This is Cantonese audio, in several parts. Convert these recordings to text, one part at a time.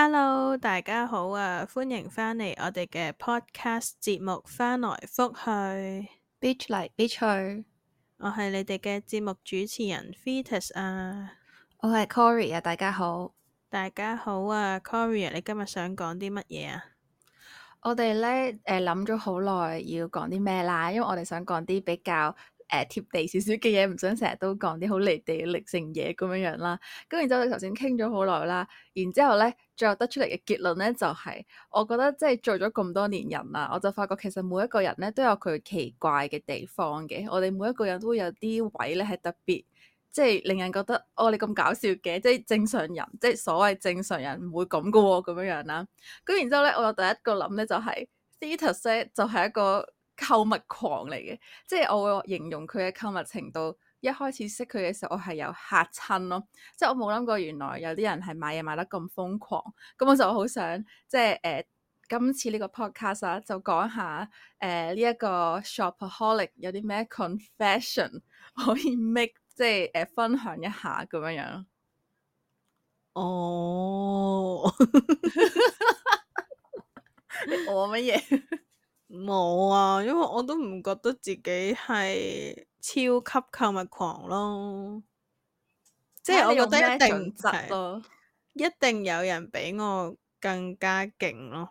Hello，大家好啊！歡迎返嚟我哋嘅 Podcast 節目返來覆去，beach 嚟 beach 去，beach like、beach，我係你哋嘅節目主持人 Fetus 啊，我係 Corey 啊，大家好，大家好啊，Corey 啊，你今日想講啲乜嘢啊？我哋咧誒諗咗好耐要講啲咩啦，因為我哋想講啲比較。誒、呃、貼地少少嘅嘢，唔想成日都講啲好離地力性嘢咁樣樣啦。咁然之後，我頭先傾咗好耐啦。然之後咧，最後得出嚟嘅結論咧，就係、是、我覺得即係做咗咁多年人啦，我就發覺其實每一個人咧都有佢奇怪嘅地方嘅。我哋每一個人都有啲位咧係特別，即、就、係、是、令人覺得哦，你咁搞笑嘅？即係正常人，即係所謂正常人唔會咁噶喎，咁樣樣啦。咁然之後咧，我第一個諗咧就係 Theater 就係一個。購物狂嚟嘅，即係我會形容佢嘅購物程度。一開始識佢嘅時候，我係有嚇親咯，即係我冇諗過原來有啲人係買嘢買得咁瘋狂。咁我就好想即係誒、呃、今次呢個 podcast、啊、就講下誒呢一個 shopaholic 有啲咩 confession 可以 make 即係誒、呃、分享一下咁樣樣。哦什，我乜嘢？冇啊，因為我都唔覺得自己係超級購物狂咯，即係我覺得一定係，一定有人比我更加勁咯。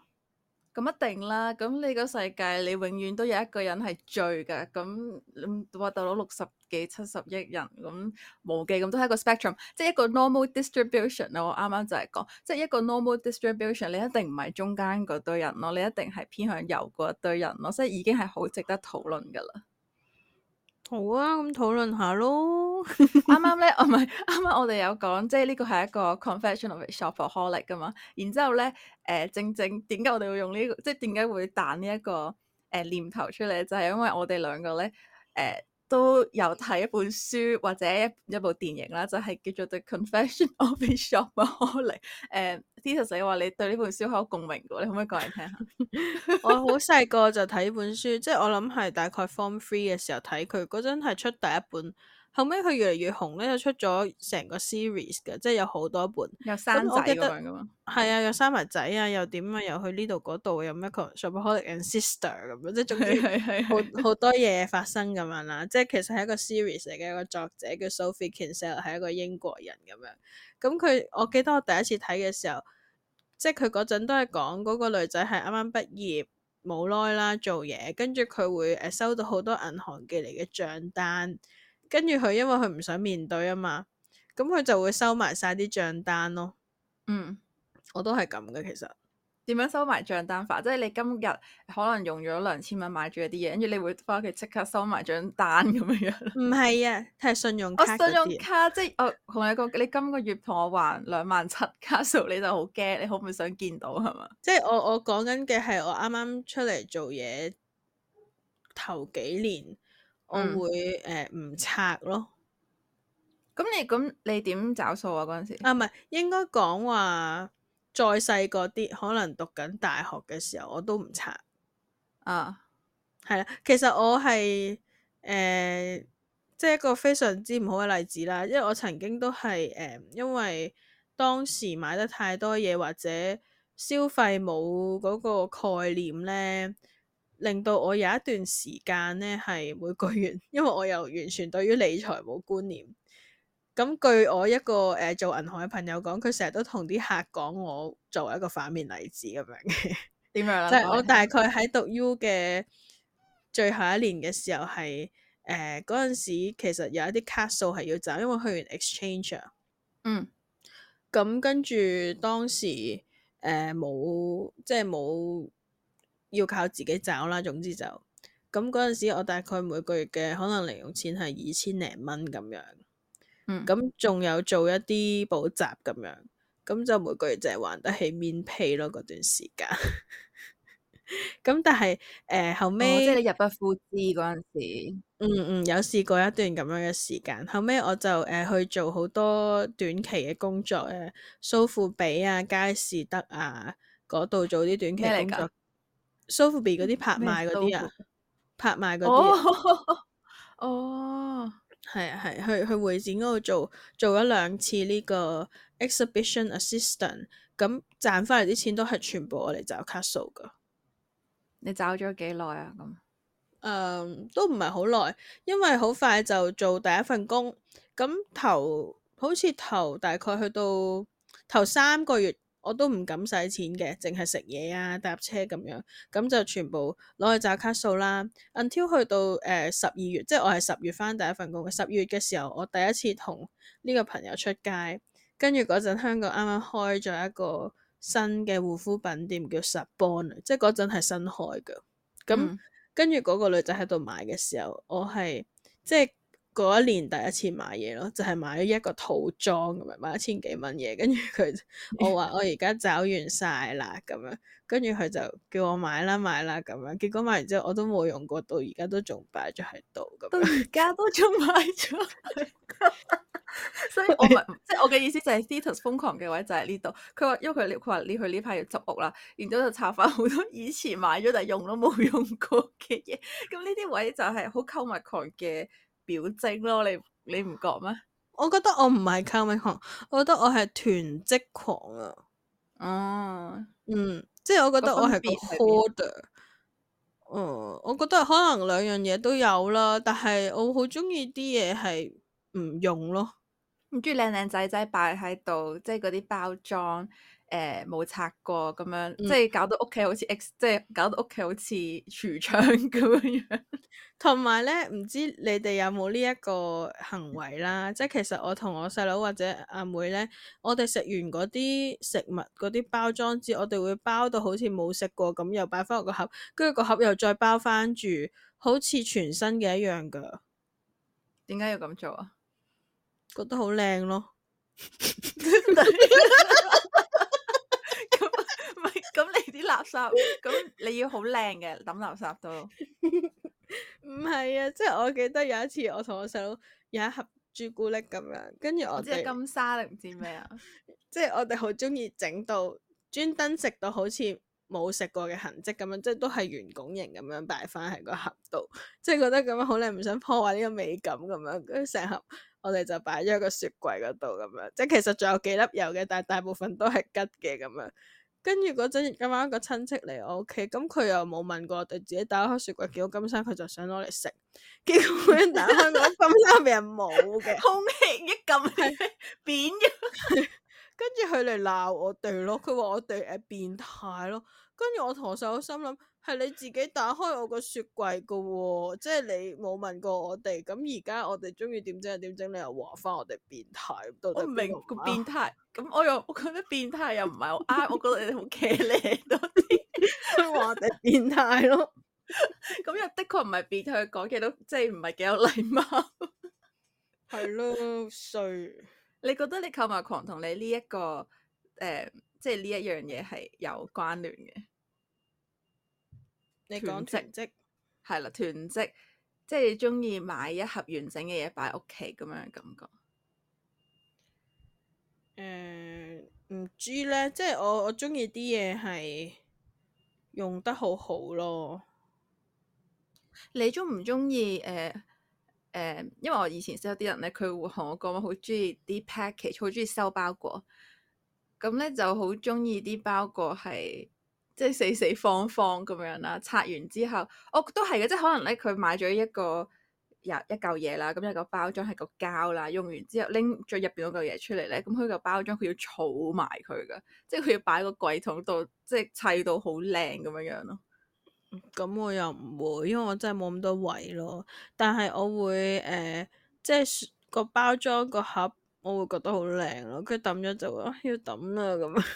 咁一定啦！咁你個世界，你永遠都有一個人係最㗎。咁，我、嗯、到攞六十幾七十億人，咁無記咁都係一個 spectrum，即係一個 normal distribution。我啱啱就係講，即係一個 normal distribution，你一定唔係中間嗰堆人咯，你一定係偏向右嗰一堆人咯，所以已經係好值得討論㗎啦。好啊，咁討論下咯。啱啱咧，我唔係，啱啱我哋有講，即係呢個係一個 confession of a shopaholic、ah、噶嘛。然之後咧，誒、呃，正正點解我哋會用呢、這個，即係點解會彈呢一個誒、呃、念頭出嚟，就係、是、因為我哋兩個咧，誒、呃。都有睇一本書或者一一部電影啦，就係、是、叫做《The Confession of、His、Shopaholic》。誒，Tina 仔話你對呢本書好共鳴嘅，你可唔可以講嚟聽下？ 我好細個就睇本書，即、就、係、是、我諗係大概 Form Three 嘅時候睇佢，嗰陣係出第一本。後尾佢越嚟越紅咧，又出咗成個 series 噶，即係有好多本，有生仔咁樣噶嘛，係啊，有生埋仔啊，又點啊，又去呢度嗰度，有 Michael、Shopaholic and Sister 咁樣，即係總之好好多嘢發生咁樣啦。即係其實係一個 series 嚟嘅，一個作者叫 Sophie Kinsella，係一個英國人咁樣。咁佢我記得我第一次睇嘅時候，即係佢嗰陣都係講嗰個女仔係啱啱畢業冇耐啦，做嘢，跟住佢會誒收到好多銀行寄嚟嘅賬單。跟住佢，因為佢唔想面對啊嘛，咁佢就會收埋晒啲帳單咯。嗯，我都係咁嘅其實。點樣收埋帳單法？即係你今日可能用咗兩千蚊買咗一啲嘢，跟住你會返屋企即刻收埋帳單咁樣樣。唔係啊，係信，信用卡。我信用卡即係我同你講，你今個月同我還兩萬七，卡數你就好驚，你可唔可以想見到係嘛？即係我我講緊嘅係我啱啱出嚟做嘢頭幾年。我會誒唔、呃、拆咯，咁、嗯、你咁你點找數啊？嗰陣時啊，唔係應該講話再細個啲，可能讀緊大學嘅時候我都唔拆啊。係啦，其實我係誒即係一個非常之唔好嘅例子啦，因為我曾經都係誒、呃，因為當時買得太多嘢或者消費冇嗰個概念咧。令到我有一段時間咧，係每個月，因為我又完全對於理財冇觀念。咁據我一個誒、呃、做銀行嘅朋友講，佢成日都同啲客講我作為一個反面例子咁 樣嘅、啊。點樣即就我大概喺讀 U 嘅最後一年嘅時候，係誒嗰陣時其實有一啲卡數係要走，因為去完 exchanger。嗯。咁跟住當時誒冇、呃，即係冇。要靠自己找啦。總之就咁嗰陣時，我大概每個月嘅可能零用錢係二千零蚊咁樣。嗯，咁仲有做一啲補習咁樣，咁就每個月就係還得起 min pay 咯。嗰段時間咁， 但係誒、呃、後尾、哦，即係你入不敷支嗰陣時，嗯嗯，有試過一段咁樣嘅時間。後尾我就誒、呃、去做好多短期嘅工作咧，蘇富比啊、佳士得啊嗰度做啲短期工作。蘇富比嗰啲拍賣嗰啲啊，拍賣嗰啲，啊，哦、oh! oh!，係啊係，去去會展嗰度做做咗兩次呢個 exhibition assistant，咁賺翻嚟啲錢都係全部我嚟找卡數噶。你找咗幾耐啊？咁，誒，都唔係好耐，因為好快就做第一份工，咁頭好似頭大概去到頭三個月。我都唔敢使錢嘅，淨係食嘢啊、搭車咁樣，咁就全部攞去找卡數啦。Until 去到誒十二月，即係我係十月返第一份工嘅。十二月嘅時候，我第一次同呢個朋友出街，跟住嗰陣香港啱啱開咗一個新嘅護膚品店叫 Sabon，即係嗰陣係新開嘅。咁跟住嗰個女仔喺度買嘅時候，我係即係。嗰一年第一次買嘢咯，就係買咗一個套裝咁樣，買一千幾蚊嘢。跟住佢，我話我而家找完晒啦，咁樣。跟住佢就叫我買啦買啦咁樣。結果買完之後我都冇用過，到而家都仲擺咗喺度。到而家都仲買咗，所以我咪即係我嘅意思就係 t i t s 瘋狂嘅位就喺呢度。佢話因為佢佢話你去呢排要執屋啦，然之後就抄翻好多以前買咗但係用都冇用過嘅嘢。咁呢啲位就係好購物狂嘅，表徵咯，你你唔覺咩？我覺得我唔係購物狂，我覺得我係囤積狂啊。哦、嗯，嗯，即係我覺得我係個 order。哦、嗯，我覺得可能兩樣嘢都有啦，但係我好中意啲嘢係唔用咯。中意靚靚仔仔擺喺度，即係嗰啲包裝誒冇拆過咁樣，即係搞到屋企好似 x 即係搞到屋企好似廚窗咁樣。嗯同埋咧，唔知你哋有冇呢一個行為啦？即係其實我同我細佬或者阿妹咧，我哋食完嗰啲食物嗰啲包裝紙，我哋會包到好似冇食過咁，又擺翻入個盒，跟住個盒又再包翻住，好似全新嘅一樣噶。點解要咁做啊？覺得好靚咯。咁咪咁你啲垃圾，咁你要好靚嘅抌垃圾都。唔係 啊，即係我記得有一次我同我細佬有一盒朱古力咁樣，跟住我即係金沙定唔知咩啊？即係 我哋好中意整到專登食到好似冇食過嘅痕跡咁樣，即係都係圓拱形咁樣擺翻喺個盒度，即係覺得咁樣好靚，唔想破壞呢個美感咁樣，跟住成盒我哋就擺咗個雪櫃嗰度咁樣，即係其實仲有幾粒油嘅，但係大部分都係吉嘅咁樣。跟住嗰陣，今晚一個親戚嚟我屋企，咁佢又冇問過我哋，自己打開雪櫃見到金生，佢就想攞嚟食。結果打開個 金生入面冇嘅， 空氣一撳係扁咗。跟住佢嚟鬧我哋咯，佢話我哋誒變態咯。跟住我陀手心諗，係你自己打開我個雪櫃噶、喎，即係你冇問過我哋。咁而家我哋中意點整就點整，你又話翻我哋變態。我唔明個變態。咁 我又，我覺得變態又唔係好啱。我覺得你哋好騎呢多啲，話 你變態咯。咁又 的確唔係變態，講嘢都即係唔係幾有禮貌。係 咯，衰以。你覺得你購物狂同你呢、這、一個？誒、嗯，即係呢一樣嘢係有關聯嘅。你講囤積係啦，囤積即係你中意買一盒完整嘅嘢擺喺屋企，咁樣感覺。誒、嗯，唔知咧，即係我我中意啲嘢係用得好好咯。你中唔中意誒誒？因為我以前識有啲人咧，佢會同我講我好中意啲 package，好中意收包裹。咁咧就好中意啲包裹係即係四四方方咁樣啦。拆完之後，哦，都係嘅，即係可能咧佢買咗一個又一嚿嘢啦，咁一個包裝係個膠啦。用完之後拎最入邊嗰嚿嘢出嚟咧，咁佢個包裝佢要儲埋佢㗎，即係佢要擺個櫃桶度，即係砌到好靚咁樣樣咯。咁我又唔會，因為我真係冇咁多位咯。但係我會誒，即、呃、係、就是、個包裝個盒。我會覺得好靚咯，佢抌咗就話、啊、要抌啦咁。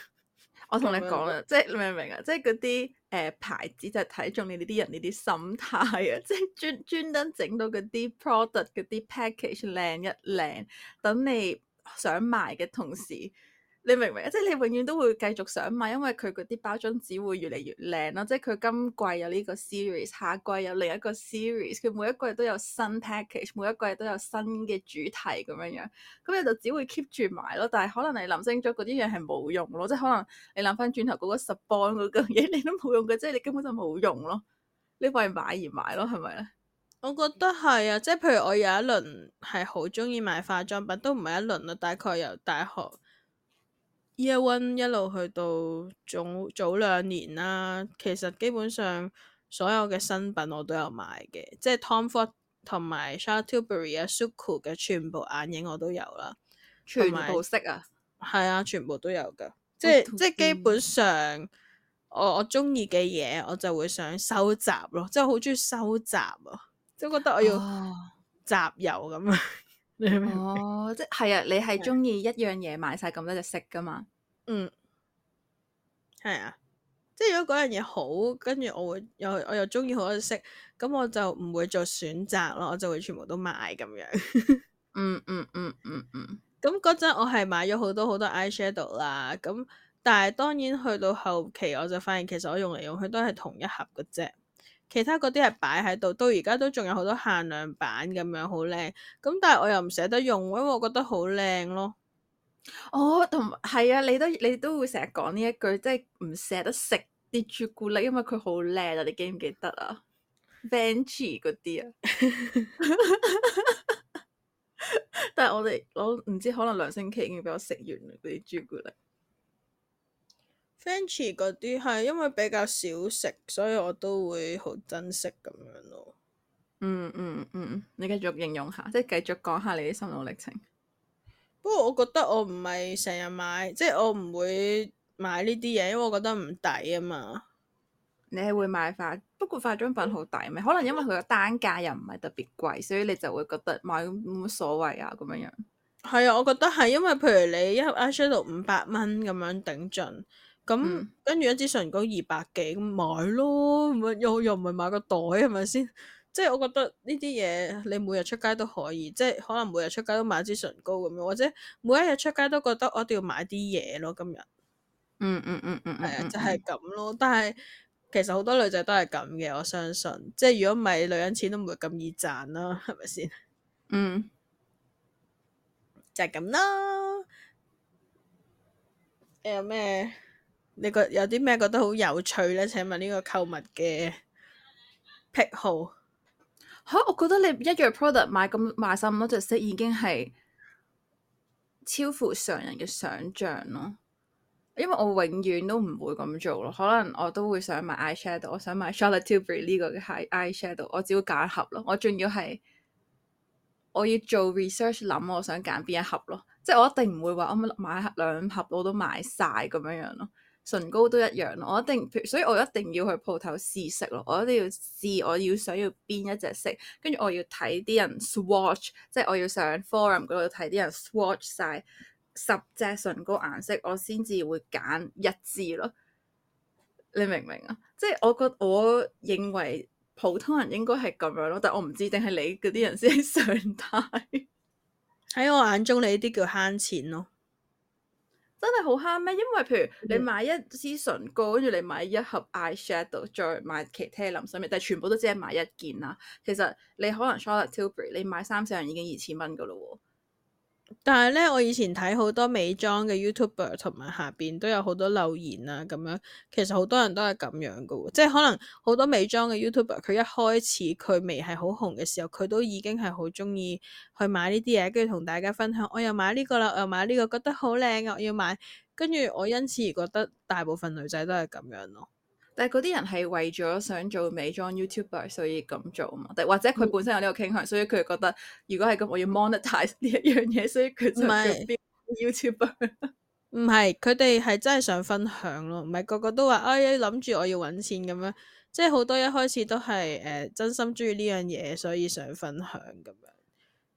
我同你講啦， 即係你明唔明啊？即係嗰啲誒牌子就係睇中你呢啲人呢啲 心態啊，即係專專登整到嗰啲 product、嗰啲 package 靚一靚，等你想買嘅同時。 你明唔明啊？即係你永遠都會繼續想買，因為佢嗰啲包裝紙會越嚟越靚咯。即係佢今季有呢個 series，下季有另一個 series。佢每一季都有新 package，每一季都有新嘅主題咁樣樣。咁你就只會 keep 住買咯。但係可，可能你諗清楚嗰啲嘢係冇用咯，即係可能你諗翻轉頭嗰個 support 嗰嚿嘢你都冇用嘅，即係你根本就冇用咯。你為買而買咯，係咪咧？我覺得係啊，即係譬如我有一輪係好中意買化妝品，都唔係一輪啦，大概由大學。Year one 一路去到早早兩年啦，其實基本上所有嘅新品我都有買嘅，即係 Tom Ford 同埋 Charlotte Tilbury 啊、Suqqu 嘅全部眼影我都有啦，全部色啊，係啊，全部都有噶，即係 即係基本上我我中意嘅嘢我就會想收集咯，即係好中意收集啊，即係覺得我要集郵咁啊～哦，即係啊！你係中意一樣嘢，買晒咁多隻色噶嘛？嗯，係啊，即係如果嗰樣嘢好，跟住我會又我又中意好多色，咁我就唔會做選擇咯，我就會全部都買咁樣。嗯嗯嗯嗯嗯，咁嗰陣我係買咗好多好多 eye shadow 啦，咁但係當然去到後期我就發現，其實我用嚟，用去都係同一盒嘅啫。其他嗰啲係擺喺度，到而家都仲有好多限量版咁樣，好靚。咁但係我又唔捨得用，因為我覺得好靚咯。哦，同係啊，你都你都會成日講呢一句，即係唔捨得食啲朱古力，因為佢好靚啊！你記唔記得啊？Vanchi 嗰啲啊，但係我哋我唔知可能兩星期已經俾我食完啦啲朱古力。fancy 嗰啲係因為比較少食，所以我都會好珍惜咁樣咯、嗯。嗯嗯嗯，你繼續形容下，即係繼續講下你嘅心路歷程。不過我覺得我唔係成日買，即係我唔會買呢啲嘢，因為我覺得唔抵啊嘛。你係會買化，不過化妝品好抵咩？可能因為佢個單價又唔係特別貴，所以你就會覺得買冇乜所謂啊咁樣樣。係啊，我覺得係因為譬如你一盒 eyeshadow 五百蚊咁樣頂盡。咁那、嗯、跟住一支唇膏二百幾，買咯，又又唔係買個袋係咪先？是是 即係我覺得呢啲嘢，你每日出街都可以，即係可能每日出街都買支唇膏咁樣，或者每一日出街都覺得我都要買啲嘢咯。今日、嗯，嗯嗯嗯嗯，係、嗯、啊、哎，就係、是、咁咯。但係其實好多女仔都係咁嘅，我相信。即係如果唔係，女人錢都唔會咁易賺啦，係咪先？嗯，就係咁啦。你有咩？你覺有啲咩覺得好有趣咧？請問呢個購物嘅癖好嚇，我覺得你一樣 product 買咁買曬咁多隻色已經係超乎常人嘅想象咯。因為我永遠都唔會咁做咯，可能我都會想買 eye shadow，我想買 Charlotte Tilbury 呢個嘅係 eye shadow，我只要揀一盒咯。我仲要係我要做 research 諗，我想揀邊一盒咯，即係我一定唔會話我咪買兩盒，我都買晒咁樣樣咯。唇膏都一樣，我一定，所以我一定要去鋪頭試色咯。我一定要試，我要想要邊一隻色，跟住我要睇啲人 swatch，即係我要上 forum 嗰度睇啲人 swatch 晒十隻唇膏顏色，我先至會揀一支咯。你明唔明啊？即係我覺我認為普通人應該係咁樣咯，但我唔知定係你嗰啲人先係常態。喺我眼中，你呢啲叫慳錢咯。真係好慳咩？因為譬如你買一支唇膏，跟住你買一盒 eye shadow，再買其他林味，所以但係全部都只係買一件啦。其實你可能 Charlotte Tilbury，你買三四樣已經二千蚊噶咯喎。但係咧，我以前睇好多美妝嘅 YouTuber，同埋下邊都有好多留言啊，咁樣其實好多人都係咁樣噶，即係可能好多美妝嘅 YouTuber，佢一開始佢未係好紅嘅時候，佢都已經係好中意去買呢啲嘢，跟住同大家分享，我又買呢個啦，我又買呢個覺得好靚啊，我要買，跟住我因此而覺得大部分女仔都係咁樣咯。但係嗰啲人係為咗想做美妝 YouTuber，所以咁做嘛？或者佢本身有呢個傾向，嗯、所以佢覺得如果係咁，我要 monetize 呢一樣嘢，所以佢就變是 YouTuber。唔係佢哋係真係想分享咯，唔係個個都話哎諗住我要搵錢咁樣。即係好多一開始都係誒、呃、真心中意呢樣嘢，所以想分享咁樣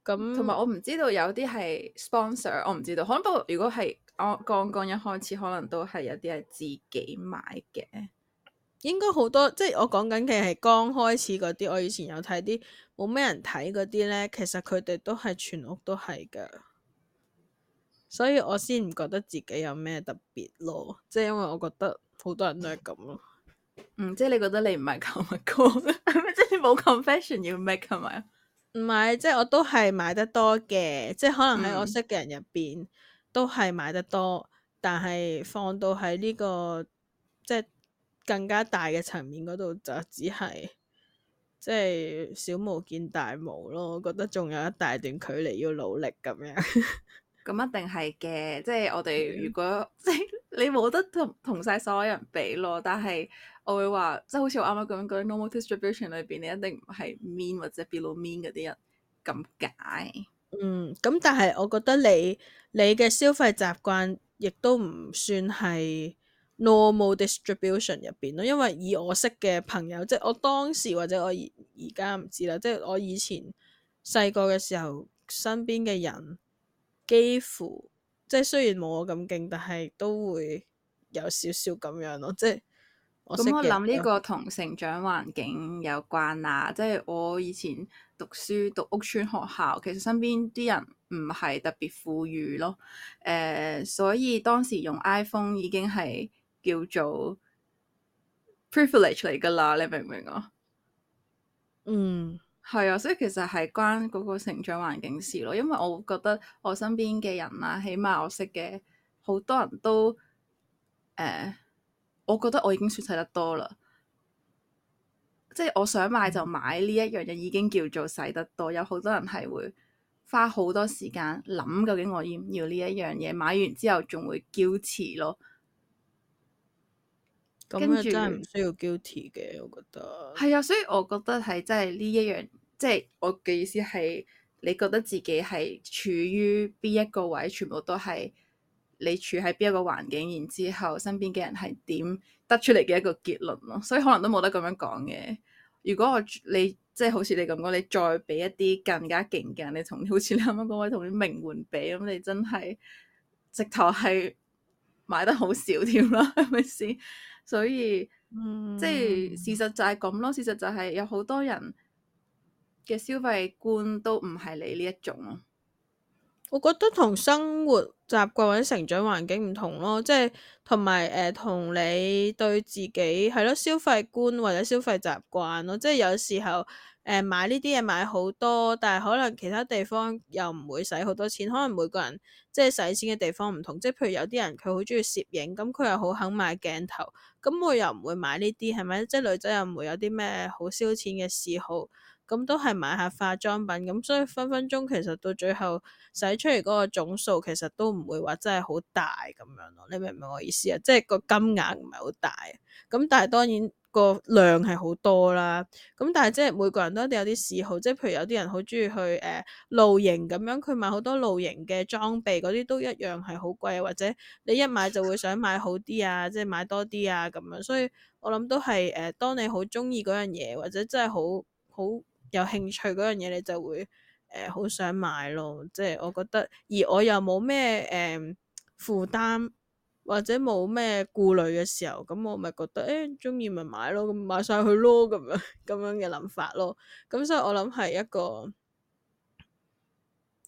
咁。同埋我唔知道有啲係 sponsor，我唔知道。可能不過如果係我剛剛一開始，可能都係有啲係自己買嘅。應該好多即係我講緊嘅係剛開始嗰啲，我以前有睇啲冇咩人睇嗰啲咧，其實佢哋都係全屋都係嘅，所以我先唔覺得自己有咩特別咯。即係因為我覺得好多人都係咁咯。嗯，即係你覺得你唔係購物狂， 即係冇 confession 要 make 係咪？唔係，即係我都係買得多嘅，即係可能喺我識嘅人入邊都係買得多，嗯、但係放到喺呢、呢個即係。更加大嘅層面嗰度就只係即係小巫見大巫咯，我覺得仲有一大段距離要努力咁樣，咁一定係嘅。 即係我哋如果即係你冇得同同曬所有人比咯，但係我會話即係好似我啱啱講嗰啲 normal distribution 裏邊，你一定唔係 mean 或者 below mean 嗰啲人咁解。嗯，咁但係我覺得你你嘅消費習慣亦都唔算係。Normal distribution 入邊咯，因為以我識嘅朋友，即係我當時或者我而而家唔知啦，即係我以前細個嘅時候，身邊嘅人幾乎即係雖然冇我咁勁，但係都會有少少咁樣咯，即係咁我諗呢個同成長環境有關啦，即係我以前讀書讀屋邨學校，其實身邊啲人唔係特別富裕咯，誒、呃，所以當時用 iPhone 已經係。叫做 privilege 嚟噶啦，你明唔明啊？嗯，係啊，所以其實係關嗰個成長環境事咯。因為我覺得我身邊嘅人啊，起碼我識嘅好多人都，誒、呃，我覺得我已經算使得多啦。即、就、係、是、我想買就買呢一樣嘢，已經叫做洗得多。有好多人係會花好多時間諗究竟我要唔要呢一樣嘢，買完之後仲會叫持咯。咁又真係唔需要 guilty 嘅，我覺得係啊，所以我覺得係真係呢一樣，即係我嘅意思係你覺得自己係處於邊一個位，全部都係你處喺邊一個環境，然之後身邊嘅人係點得出嚟嘅一個結論咯。所以可能都冇得咁樣講嘅。如果我你即係好似你咁講，你再俾一啲更加勁嘅人，你同好似你啱啱嗰位同啲名媛比，咁你真係直頭係買得好少添啦，係咪先？所以，即係事實就係咁咯。事實就係有好多人嘅消費觀都唔係你呢一種咯。我覺得同生活習慣或者成長環境唔同咯，即係同埋誒同你對自己係咯消費觀或者消費習慣咯，即係有時候。誒買呢啲嘢買好多，但係可能其他地方又唔會使好多錢。可能每個人即係使錢嘅地方唔同，即係譬如有啲人佢好中意攝影，咁佢又好肯買鏡頭，咁我又唔會買呢啲，係咪？即係女仔又唔會有啲咩好燒錢嘅嗜好，咁都係買下化妝品，咁所以分分鐘其實到最後使出嚟嗰個總數其實都唔會話真係好大咁樣咯。你明唔明我意思啊？即係個金額唔係好大，咁但係當然。個量係好多啦，咁但係即係每個人都一定有啲嗜好，即係譬如有啲人好中意去誒露營咁樣，佢買好多露營嘅裝備嗰啲都一樣係好貴，或者你一買就會想買好啲啊，即係買多啲啊咁樣，所以我諗都係誒，當你好中意嗰樣嘢，或者真係好好有興趣嗰樣嘢，你就會誒好想買咯，即係我覺得，而我又冇咩誒負擔。或者冇咩顧慮嘅時候，咁我咪覺得，誒鍾意咪買咯，咁買晒佢咯，咁樣咁樣嘅諗法咯。咁所以，我諗係一個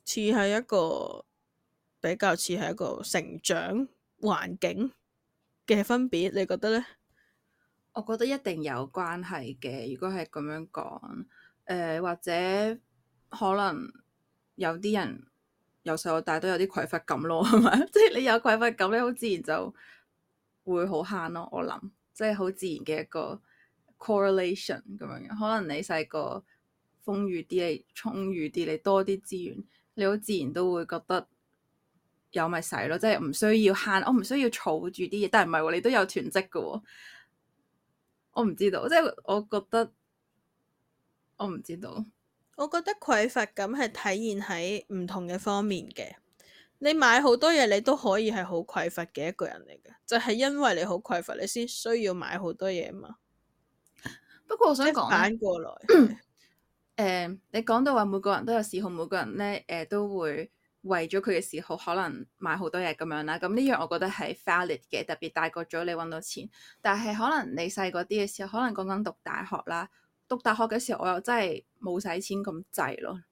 似係一個比較似係一個成長環境嘅分別，你覺得咧？我覺得一定有關係嘅。如果係咁樣講，誒、呃、或者可能有啲人。由細到大都有啲匱乏感咯，係咪？即係你有匱乏感咧，好自然就會好慳咯。我諗，即係好自然嘅一個 correlation 咁樣樣。可能你細個豐裕啲，你充裕啲，你多啲資源，你好自然都會覺得有咪使咯，即係唔需要慳，我唔需要儲住啲嘢。但係唔係喎，你都有囤積嘅喎。我唔知道，即係我覺得我唔知道。我覺得匱乏感係體現喺唔同嘅方面嘅。你買好多嘢，你都可以係好匱乏嘅一個人嚟嘅，就係、是、因為你好匱乏，你先需要買好多嘢嘛。不過我想講翻過來，誒、嗯呃，你講到話每個人都有嗜好，每個人咧，誒、呃，都會為咗佢嘅嗜好，可能買好多嘢咁樣啦。咁呢樣我覺得係 valid 嘅，特別大個咗，你搵到錢，但係可能你細個啲嘅時候，可能講緊讀大學啦。讀大學嘅時候，我又真係冇使錢咁滯咯，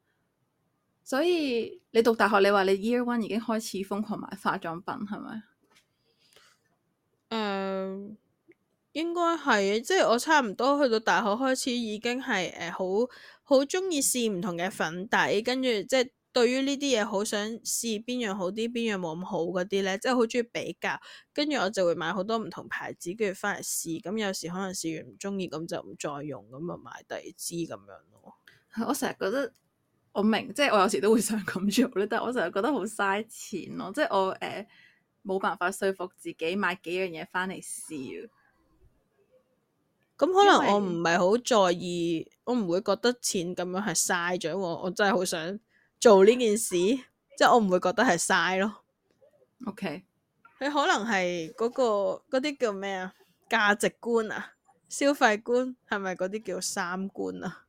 所以你讀大學，你話你 year one 已經開始瘋狂買化妝品係咪？誒、呃，應該係，即係我差唔多去到大學開始已經係誒好好鍾意試唔同嘅粉底，跟住即係。對於呢啲嘢，好想試邊樣好啲，邊樣冇咁好嗰啲咧，即係好中意比較。跟住我就會買好多唔同牌子，跟住翻嚟試。咁有時可能試完唔中意，咁就唔再用，咁就買第二支咁樣咯。我成日覺得我明，即係我有時都會想咁做咧，但係我成日覺得好嘥錢咯。即係我誒，呃、冇辦法說服自己買幾樣嘢翻嚟試啊。咁為可能我唔係好在意，我唔會覺得錢咁樣係嘥咗。我我真係好想。做呢件事，即係我唔會覺得係嘥咯。OK，佢可能係嗰個嗰啲叫咩啊？價值觀啊？消費觀係咪嗰啲叫三觀啊？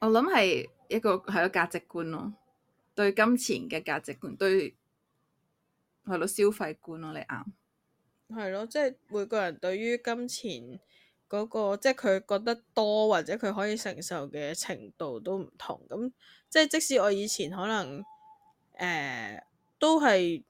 我諗係一個係咯價值觀咯，對金錢嘅價值觀，對係咯消費觀咯，你啱。係咯，即係每個人對於金錢。嗰、那個即係佢覺得多或者佢可以承受嘅程度都唔同，咁即係即使我以前可能誒、呃、都係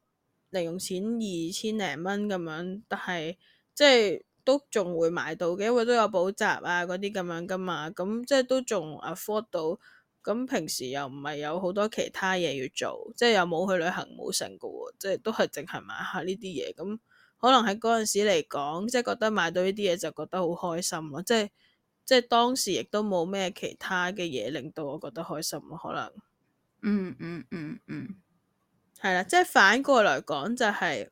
零用錢二千零蚊咁樣，但係即係都仲會買到嘅，因為都有補習啊嗰啲咁樣㗎嘛，咁即係都仲 afford 到，咁平時又唔係有好多其他嘢要做，即係又冇去旅行冇成嘅喎，即係都係淨係買下呢啲嘢咁。可能喺嗰陣時嚟講，即係覺得買到呢啲嘢就覺得好開心咯，即係即係當時亦都冇咩其他嘅嘢令到我覺得開心咯，可能，嗯嗯嗯嗯，係啦，即係反過來講就係，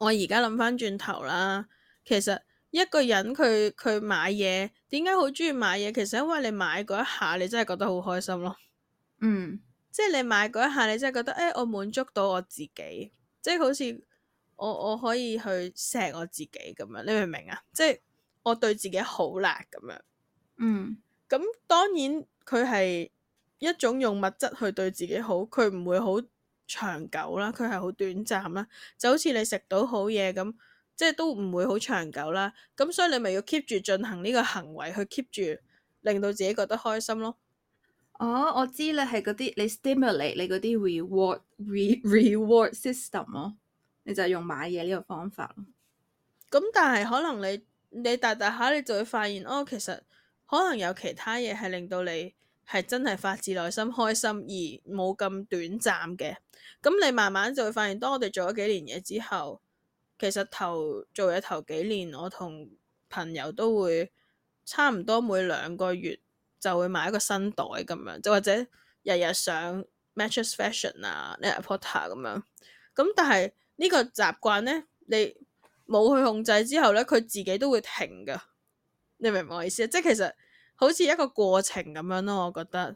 我而家諗翻轉頭啦，其實一個人佢佢買嘢點解好中意買嘢？其實因為你買嗰一下，你真係覺得好開心咯，嗯，即係你買嗰一下，你真係覺得誒，我滿足到我自己，即係好似。我我可以去錫我自己咁樣，你明唔明啊？即係我對自己好啦咁樣，嗯，咁當然佢係一種用物質去對自己好，佢唔會好長久啦，佢係好短暫啦，就好似你食到好嘢咁，即係都唔會好長久啦。咁所以你咪要 keep 住進行呢個行為，去 keep 住令到自己覺得開心咯。哦，我知喇，係嗰啲，你 stimulate 你嗰啲 reward re reward system 咯。你就用買嘢呢個方法咯。咁、嗯、但係可能你你大大下，你就會發現哦，其實可能有其他嘢係令到你係真係發自內心開心而冇咁短暫嘅。咁、嗯、你慢慢就會發現，當我哋做咗幾年嘢之後，其實頭做嘢頭幾年，我同朋友都會差唔多每兩個月就會買一個新袋咁樣，就或者日日上 Matches Fashion 啊、Net-a-Porter 咁樣。咁、嗯、但係個習慣呢個習慣咧，你冇去控制之後咧，佢自己都會停㗎。你明唔明我意思啊？即係其實好似一個過程咁樣咯。我覺得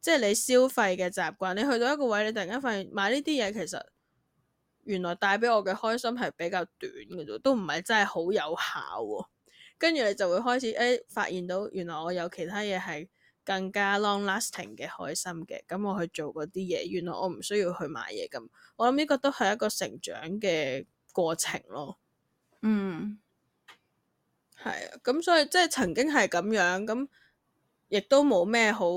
即係你消費嘅習慣，你去到一個位，你突然間發現買呢啲嘢其實原來帶俾我嘅開心係比較短嘅啫，都唔係真係好有效喎。跟住你就會開始誒、哎、發現到原來我有其他嘢係。更加 long-lasting 嘅開心嘅，咁我去做嗰啲嘢，原來我唔需要去買嘢咁，我諗呢個都係一個成長嘅過程咯。嗯，係啊，咁所以即係曾經係咁樣，咁亦都冇咩好，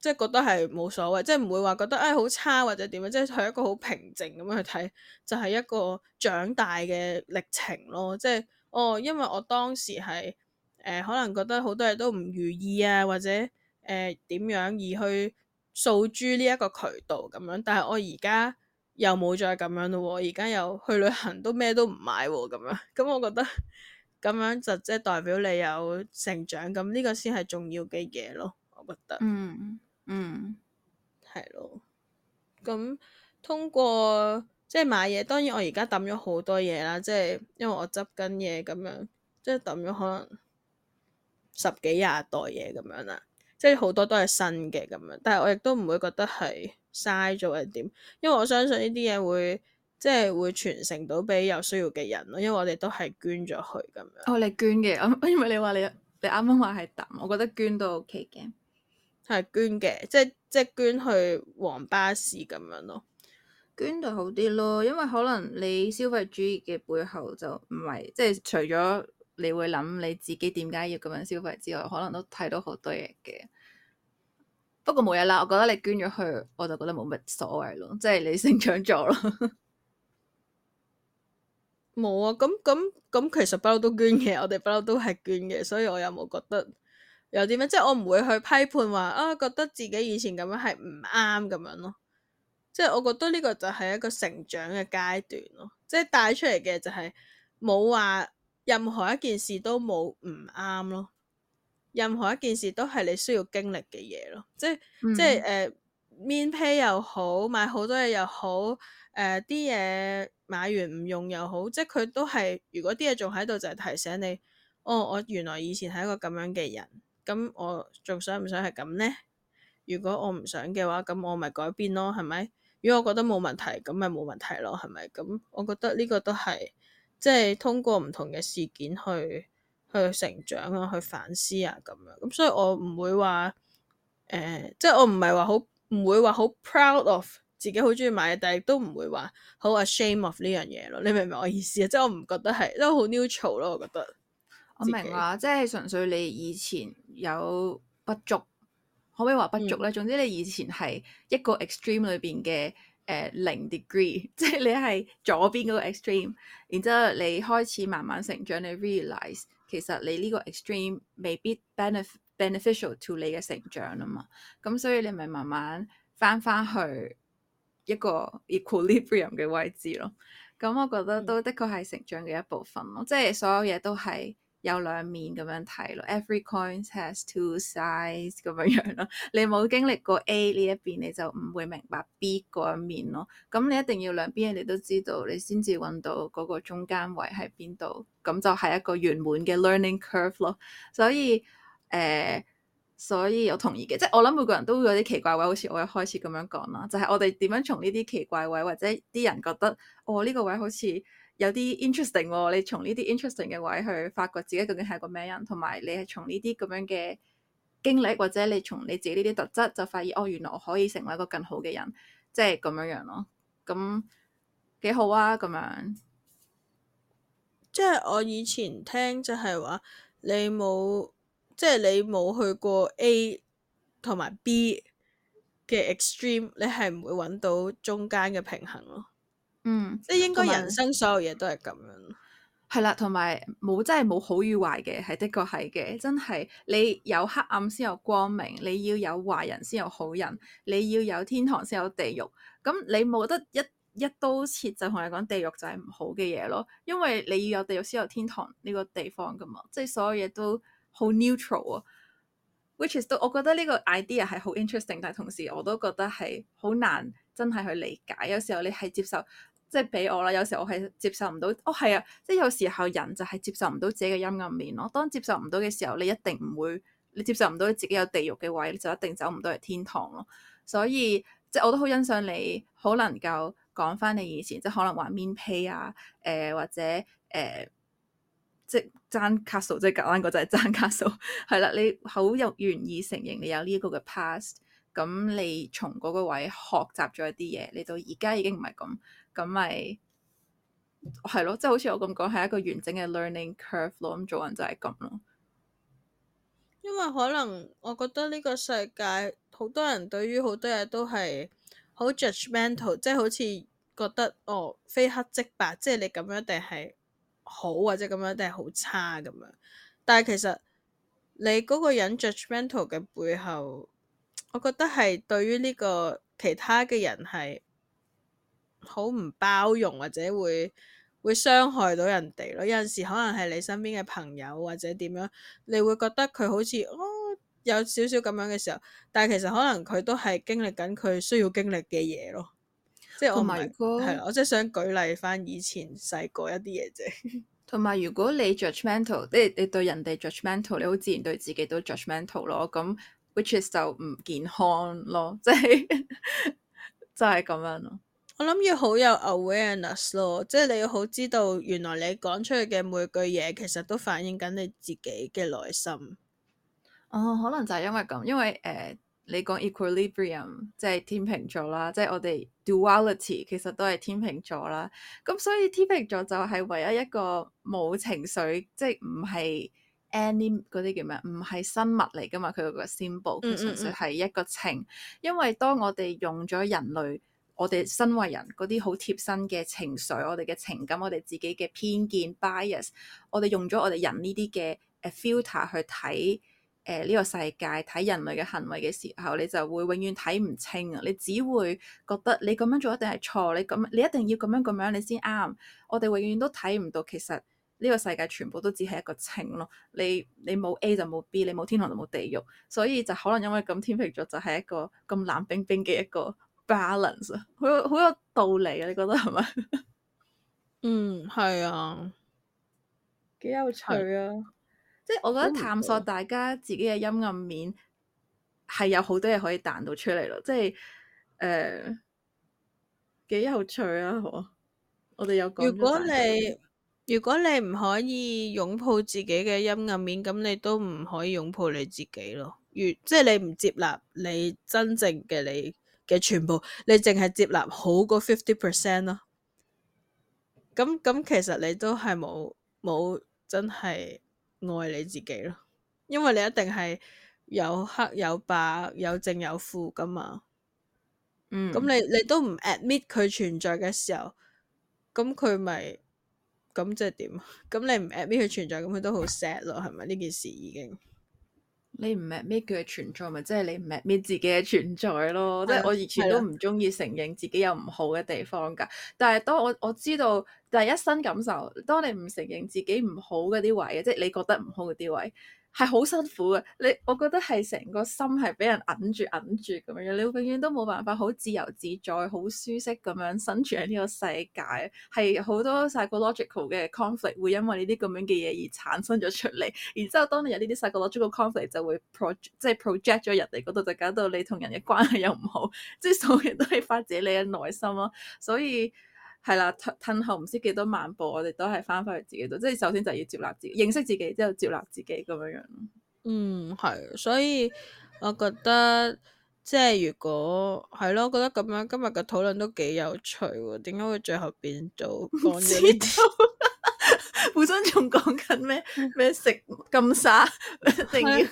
即係覺得係冇所謂，即係唔會話覺得誒好、哎、差或者點樣，即係係一個好平靜咁樣去睇，就係、是、一個長大嘅歷程咯。即係哦，因為我當時係誒、呃、可能覺得好多嘢都唔如意啊，或者。誒，點、呃、樣而去掃珠呢一個渠道，咁樣？但係我而家又冇再咁樣咯。我而家又去旅行都咩都唔買咁樣。咁我覺得咁樣就即係代表你有成長，咁呢個先係重要嘅嘢咯。我覺得，嗯嗯，係、嗯、咯。咁通過即係、就是、買嘢，當然我而家抌咗好多嘢啦。即、就、係、是、因為我執緊嘢咁樣，即係抌咗可能十幾廿袋嘢咁樣啦。即係好多都係新嘅咁樣，但係我亦都唔會覺得係嘥咗係點，因為我相信呢啲嘢會即係、就是、會傳承到俾有需要嘅人咯，因為我哋都係捐咗去咁樣。哦，你捐嘅，因為你話你你啱啱話係抌，我覺得捐都 OK 嘅。係捐嘅，即係即係捐去黃巴士咁樣咯。捐就好啲咯，因為可能你消費主義嘅背後就唔係即係除咗。你會諗你自己點解要咁樣消費之外，可能都睇到好多嘢嘅。不過冇嘢啦，我覺得你捐咗去，我就覺得冇乜所謂咯，即係你成長咗咯。冇 啊，咁咁咁，其實不嬲都捐嘅，我哋不嬲都係捐嘅，所以我又冇覺得有啲咩，即係我唔會去批判話啊，覺得自己以前咁樣係唔啱咁樣咯。即係我覺得呢個就係一個成長嘅階段咯，即係帶出嚟嘅就係冇話。任何一件事都冇唔啱咯，任何一件事都係你需要經歷嘅嘢咯，即係、嗯、即係誒，面 pay 又好，買好多嘢又好，誒啲嘢買完唔用又好，即係佢都係如果啲嘢仲喺度就係、是、提醒你，哦、oh，我原來以前係一個咁樣嘅人，咁我仲想唔想係咁呢？如果我唔想嘅話，咁我咪改變咯，係咪？如果我覺得冇問題，咁咪冇問題咯，係咪？咁我覺得呢個都係。即係通過唔同嘅事件去去成長啊，去反思啊咁樣。咁所以我唔會話誒、呃，即係我唔係話好唔會話好 proud of 自己好中意買，但係亦都唔會話好 ashamed of 呢樣嘢咯。你明唔明我意思啊？即係我唔覺得係，即係好 neutral 咯。我覺得、啊、我明啊，自己。即係純粹你以前有不足，可唔可以話不足咧？嗯、總之你以前係一個 extreme 裏邊嘅。誒零 degree，即係你係左邊嗰個 extreme，然之後你開始慢慢成長，你 realize 其實你呢個 extreme 未必 bene beneficial to 你嘅成長啊嘛，咁所以你咪慢慢翻翻去一個 equilibrium 嘅位置咯，咁我覺得都的確係成長嘅一部分咯，嗯、即係所有嘢都係有兩面咁樣睇咯，every coin has two sides 咁樣樣咯。你冇經歷過 A 呢一邊，你就唔會明白 B 嗰一面咯。咁你一定要兩邊嘢你都知道，你先至揾到嗰個中間位喺邊度。咁就係一個圓滿嘅 learning curve 咯。所以誒、呃，所以我同意嘅，即、就、係、是、我諗每個人都會有啲奇怪位，好似我一開始咁樣講啦，就係、是、我哋點樣從呢啲奇怪位，或者啲人覺得哦，呢、這個位好似～有啲 interesting 哦，你從呢啲 interesting 嘅位去發掘自己究竟係個咩人，同埋你係從呢啲咁樣嘅經歷，或者你從你自己呢啲特質，就發現哦，原來我可以成為一個更好嘅人，即係咁樣樣咯。咁幾好啊，咁樣。即係我以前聽就係話，你冇，即係你冇去過 A 同埋 B 嘅 extreme，你係唔會搵到中間嘅平衡咯。嗯，即係應該人，人生所有嘢都係咁樣，係啦，同埋冇真係冇好與壞嘅，係的確係嘅，真係你有黑暗先有光明，你要有壞人先有好人，你要有天堂先有地獄，咁你冇得一一刀切就同你講地獄就係唔好嘅嘢咯，因為你要有地獄先有天堂呢個地方㗎嘛，即係所有嘢都好 neutral 啊、哦。Which is 都，我覺得呢個 idea 係好 interesting，但係同時我都覺得係好難真係去理解。有時候你係接受。即係俾我啦。有時我係接受唔到哦，係啊，即係有時候人就係接受唔到自己嘅陰暗面咯。當接受唔到嘅時候，你一定唔會，你接受唔到自己有地獄嘅位，你就一定走唔到去天堂咯。所以即係我都好欣賞你，好能夠講翻你以前即係可能話面皮啊，誒、呃、或者誒、呃、即係爭卡數，即係隔硬嗰陣爭卡數係啦。你好有願意承認你有呢個嘅 past，咁你從嗰個位學習咗一啲嘢，你到而家已經唔係咁。咁咪係咯，即係好似我咁講，係一個完整嘅 learning curve 咯。咁做人就係咁咯。因為可能我覺得呢個世界好多人對於好多嘢都係好 judgmental，即係好似覺得哦，非黑即白，即係你咁樣一定係好或者咁樣一定係好差咁樣。但係其實你嗰個人 judgmental 嘅背後，我覺得係對於呢個其他嘅人係。好唔包容或者會會傷害到人哋咯。有陣時可能係你身邊嘅朋友或者點樣，你會覺得佢好似哦有少少咁樣嘅時候，但係其實可能佢都係經歷緊佢需要經歷嘅嘢咯。即係我係啦、oh my god，我即係想舉例翻以前細個一啲嘢啫。同埋如果你 judgmental，你你對人哋 judgmental，你好自然對自己都 judgmental 咯。咁 which is 就唔健康咯，即係就係咁樣咯。我諗要好有 awareness 咯，即係你要好知道，原來你講出去嘅每句嘢，其實都反映緊你自己嘅內心。哦，可能就係因為咁，因為誒，uh, 你講 equilibrium 即係天秤座啦，即係我哋 duality 其實都係天秤座啦。咁所以天秤座就係唯一一個冇情緒，即係唔係 any 啲叫咩？唔係生物嚟㗎嘛？佢嗰個 symbol，佢純粹係一個情。因為當我哋用咗人類。我哋身為人嗰啲好貼身嘅情緒，我哋嘅情感，我哋自己嘅偏見 bias，我哋用咗我哋人呢啲嘅 filter 去睇誒呢個世界，睇人類嘅行為嘅時候，你就會永遠睇唔清啊！你只會覺得你咁樣做一定係錯，你咁你一定要咁樣咁樣你先啱。我哋永遠都睇唔到其實呢個世界全部都只係一個情咯。你你冇 A 就冇 B，你冇天堂就冇地獄，所以就可能因為咁，天秤座就係一個咁冷冰冰嘅一個。balance 好有好有道理啊！你覺得係咪？嗯，係啊，幾有趣啊！即係我覺得探索大家自己嘅陰暗面，係有好多嘢可以彈到出嚟咯。即係誒，幾、呃、有趣啊！我我哋有講，如果你如果你唔可以擁抱自己嘅陰暗面，咁你都唔可以擁抱你自己咯。如，即係你唔接納你真正嘅你。嘅全部，你淨係接納好過 fifty percent 咯，咁咁其實你都係冇冇真係愛你自己咯，因為你一定係有黑有白有正有負噶嘛，嗯，咁你你都唔 admit 佢存在嘅時候，咁佢咪咁即係點？咁你唔 admit 佢存在，咁佢都好 sad 咯，係咪？呢件事已經？你唔 m 咩叫係存在，咪即係你唔 m 咩自己嘅存在咯。即係、就是、我以前都唔中意承認自己有唔好嘅地方噶。但係當我我知道但第一身感受，當你唔承認自己唔好嗰啲位，即、就、係、是、你覺得唔好嗰啲位。係好辛苦嘅，你我覺得係成個心係俾人揞住揞住咁樣，你永遠都冇辦法好自由自在、好舒適咁樣生存喺呢個世界。係好多 psychological 嘅 conflict 會因為呢啲咁樣嘅嘢而產生咗出嚟。然之後當你有呢啲 psychological conflict 就會 project 即係 project 咗人哋嗰度，就搞到你同人嘅關係又唔好，即係所有都係發自你嘅內心咯。所以。係啦，褪褪後，唔知幾多萬步，我哋都係翻返去自己度，即係首先就要接納自己，認識自己之後接納自己咁樣樣。嗯，係，所以我覺得 即係如果係咯，覺得咁樣今日嘅討論都幾有趣，點解會最後變咗？講嘢啲？ 本身仲講緊咩咩食咁沙，一定的要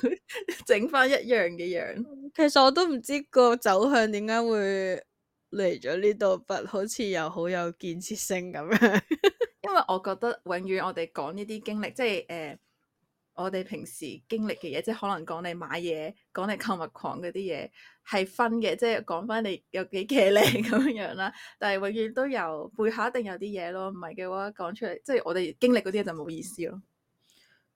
整翻一樣嘅樣。嗯。其實我都唔知個走向點解會。嚟咗呢度，不好似又好有建設性咁樣， 因為我覺得永遠我哋講呢啲經歷，即係誒，我哋平時經歷嘅嘢，即係可能講你買嘢，講你購物狂嗰啲嘢，係分嘅，即係講翻你有幾騎呢咁樣樣啦。但係永遠都有背後一定有啲嘢咯，唔係嘅話講出嚟，即係我哋經歷嗰啲嘢就冇意思咯。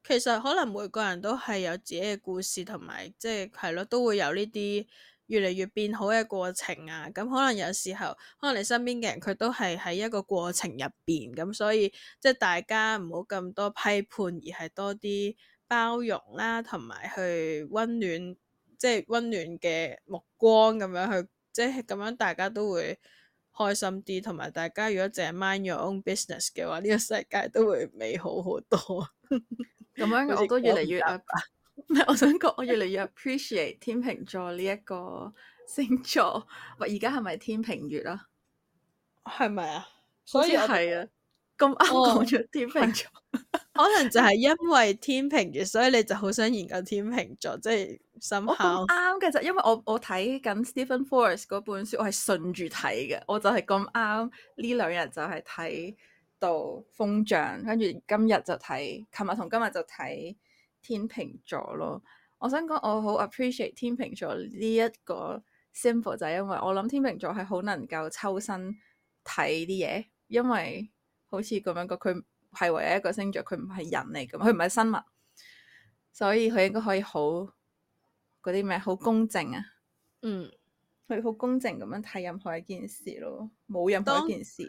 其實可能每個人都係有自己嘅故事，同埋即係係咯，都會有呢啲。越嚟越變好嘅過程啊，咁可能有時候，可能你身邊嘅人佢都係喺一個過程入邊，咁所以即係大家唔好咁多批判，而係多啲包容啦，同埋去溫暖，即係溫暖嘅目光咁樣去，即係咁樣大家都會開心啲，同埋大家如果淨係 mind your own business 嘅話，呢個世界都會美好好多。咁 樣我都越嚟越 唔係，我想講，我越嚟越 appreciate 天秤座呢一個星座。喂，而家係咪天秤月啦？係咪啊？所以係啊，咁啱講咗天秤座，可能就係因為天秤月，所以你就好想研究天秤座，即係深刻啱嘅。就因為我我睇緊 Stephen Forrest 嗰本書，我係順住睇嘅，我就係咁啱呢兩日就係睇到風象，跟住今日就睇，琴日同今日就睇。天秤座咯，我想講我好 appreciate 天秤座呢一個 symbol，就係因為我諗天秤座係好能夠抽身睇啲嘢，因為好似咁樣個佢係唯一一個星座，佢唔係人嚟噶，佢唔係生物，所以佢應該可以好嗰啲咩好公正啊，嗯，佢好公正咁樣睇任何一件事咯，冇任何一件事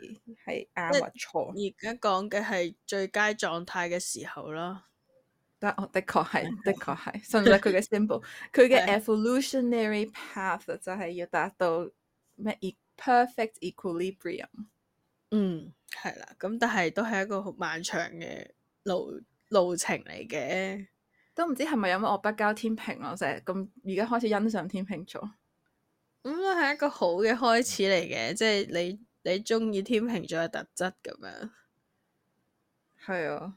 係啱或錯。而家講嘅係最佳狀態嘅時候咯。哦，的確係，的確係，甚至係佢嘅 symbol，佢嘅 evolutionary path 就係要達到咩 perfect equilibrium。嗯，係啦，咁但係都係一個好漫長嘅路路程嚟嘅，都唔知係咪有乜我不交天平咯，啊？成咁而家開始欣賞天平座，咁都係一個好嘅開始嚟嘅，即係你你中意天平座嘅特質咁樣，係啊。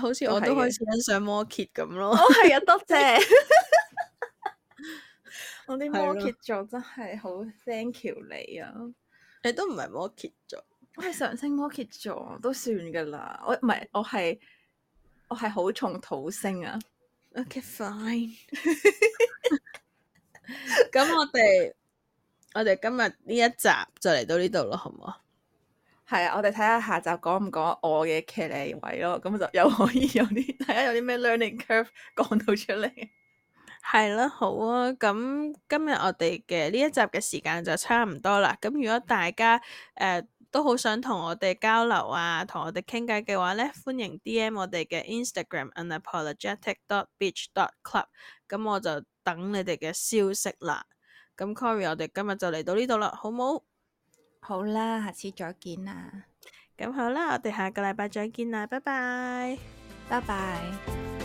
好似我都開始欣賞摩羯咁咯，哦，係啊，多謝我啲摩羯座真係好 thank you 你啊，你都唔係摩羯座，我係上升摩羯座都算噶啦，我唔係我係我係好重土星啊，ok fine，咁 我哋我哋今日呢一集就嚟到呢度咯，好唔好啊？係啊，我哋睇下下集講唔講我嘅騎呢位咯，咁就又可以有啲大家有啲咩 learning curve 講到出嚟。係 啦，好啊，咁今日我哋嘅呢一集嘅時間就差唔多啦。咁如果大家誒都好想同我哋交流啊，同我哋傾偈嘅話咧，歡迎 DM 我哋嘅 Instagram unapologetic dot beach dot club，咁我就等你哋嘅消息啦。咁 Cory，e 我哋今日就嚟到呢度啦，好唔好？好啦，下次再見啦。咁好啦，我哋下個禮拜再見啦，拜拜，拜拜。